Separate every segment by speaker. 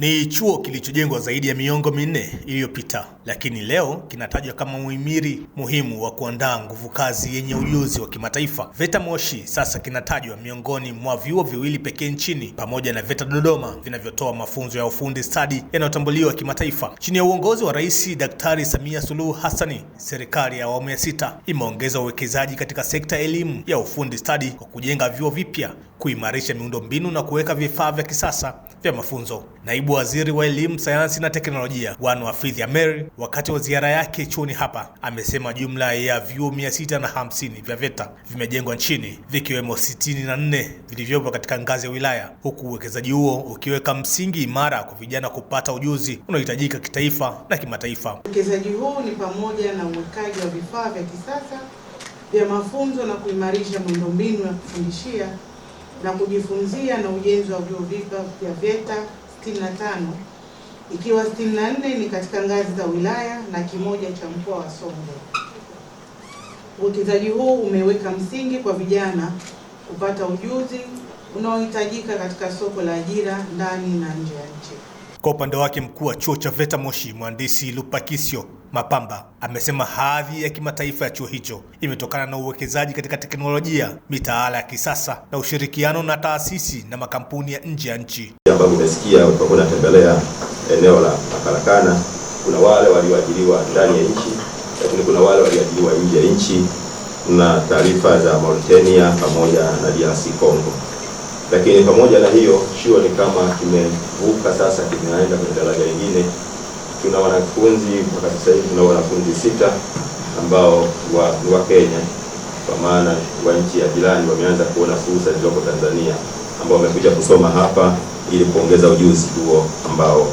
Speaker 1: Ni chuo kilichojengwa zaidi ya miongo minne iliyopita, lakini leo kinatajwa kama muhimili muhimu wa kuandaa nguvu kazi yenye ujuzi wa kimataifa. VETA Moshi sasa kinatajwa miongoni mwa vyuo viwili pekee nchini pamoja na VETA Dodoma vinavyotoa mafunzo ya ufundi stadi yanayotambuliwa kimataifa. Chini ya uongozi wa Rais Daktari Samia Suluhu Hassani, serikali ya awamu ya sita imeongeza uwekezaji katika sekta ya elimu ya ufundi stadi kwa kujenga vyuo vipya kuimarisha miundombinu na kuweka vifaa vya kisasa vya mafunzo. Naibu Waziri wa Elimu, Sayansi na Teknolojia Wanu Afidhi Ameir, wakati wa ziara yake chuoni hapa, amesema jumla ya vyuo 650 vya VETA vimejengwa nchini vikiwemo 64 vilivyopo katika ngazi ya wilaya, huku uwekezaji huo ukiweka msingi imara kwa vijana kupata ujuzi unaohitajika kitaifa na kimataifa.
Speaker 2: Uwekezaji huu ni pamoja na uwekaji wa vifaa vya kisasa vya mafunzo na kuimarisha miundombinu ya kufundishia na kujifunzia na ujenzi wa vyuo vipya vya VETA 65 ikiwa 64 ni katika ngazi za wilaya na kimoja cha mkoa wa Songwe. Uwekezaji huu umeweka msingi kwa vijana kupata ujuzi unaohitajika katika soko la ajira ndani na nje ya nchi.
Speaker 1: Kwa upande wake, mkuu wa chuo cha VETA Moshi, mhandisi lupakisio Mapamba amesema hadhi ya kimataifa ya chuo hicho imetokana na uwekezaji katika teknolojia, mitaala ya kisasa na ushirikiano na taasisi na makampuni ya nje ya nchi.
Speaker 3: Ambapo umesikia utakuwa unatembelea eneo la karakana, kuna wale walioajiriwa ndani ya nchi, lakini kuna wale walioajiriwa nje ya nchi na taarifa za Mauritania pamoja na DRC Congo. Lakini pamoja na hiyo, chuo ni kama kimevuka sasa, kimeenda kwenye daraja lingine tuna wanafunzi mpaka sasa hivi tuna wanafunzi sita ambao wa, ni wa Kenya kwa maana wa nchi ya jirani wameanza kuona fursa zilizoko Tanzania ambao wamekuja kusoma hapa ili kuongeza ujuzi huo ambao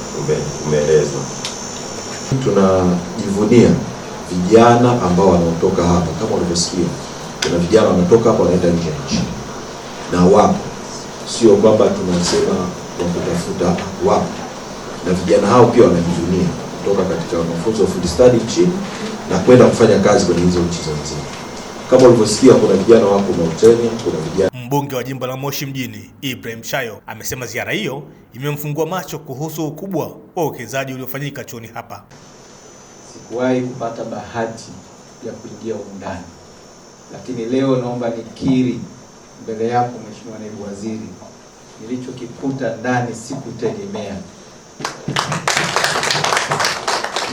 Speaker 3: umeelezwa.
Speaker 4: Tunajivunia vijana ambao wanaotoka hapa, kama walivyosikia, kuna vijana wanatoka hapa wanaenda nje ya nchi na wapo, sio kwamba tunasema wakutafuta, wapo na vijana hao pia wanajivunia kutoka katika mafunzo ya ufundi stadi nchini na kwenda kufanya kazi kwenye hizo nchi za nzima. Kama ulivyosikia, kuna vijana wako Mauritania, kuna vijana.
Speaker 1: Mbunge wa jimbo la Moshi mjini Ibrahim Shayo amesema ziara hiyo imemfungua macho kuhusu ukubwa wa uwekezaji uliofanyika chuoni hapa.
Speaker 5: Sikuwahi kupata bahati ya kuingia undani, lakini leo naomba nikiri mbele yako Mheshimiwa Naibu Waziri, nilichokikuta ndani sikutegemea.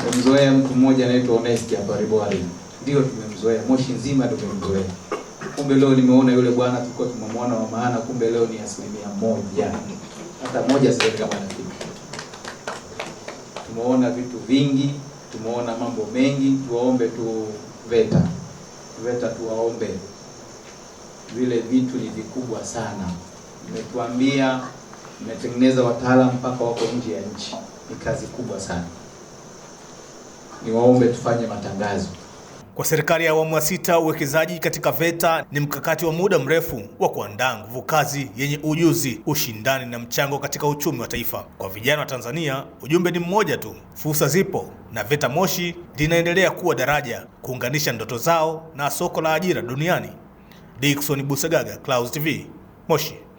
Speaker 5: Tumemzoea mtu mmoja anaitwa Onesti hapa Ribwari, ndio tumemzoea Moshi nzima tumemzoea. Kumbe leo nimeona yule bwana tulikuwa tumemwona wa maana, kumbe leo ni asilimia moja, hata moja sio kama kitu. Tumeona vitu vingi, tumeona mambo mengi. Tuwaombe tu VETA, VETA tuwaombe, vile vitu ni vikubwa sana, imetuambia Mmetengeneza wataalamu mpaka wako nje ya nchi. Ni kazi kubwa sana, niwaombe tufanye matangazo.
Speaker 1: Kwa serikali ya awamu ya sita, uwekezaji katika VETA ni mkakati wa muda mrefu wa kuandaa nguvu kazi yenye ujuzi, ushindani na mchango katika uchumi wa taifa. Kwa vijana wa Tanzania, ujumbe ni mmoja tu: fursa zipo, na VETA Moshi linaendelea kuwa daraja kuunganisha ndoto zao na soko la ajira duniani. Dickson Busagaga, Clouds TV, Moshi.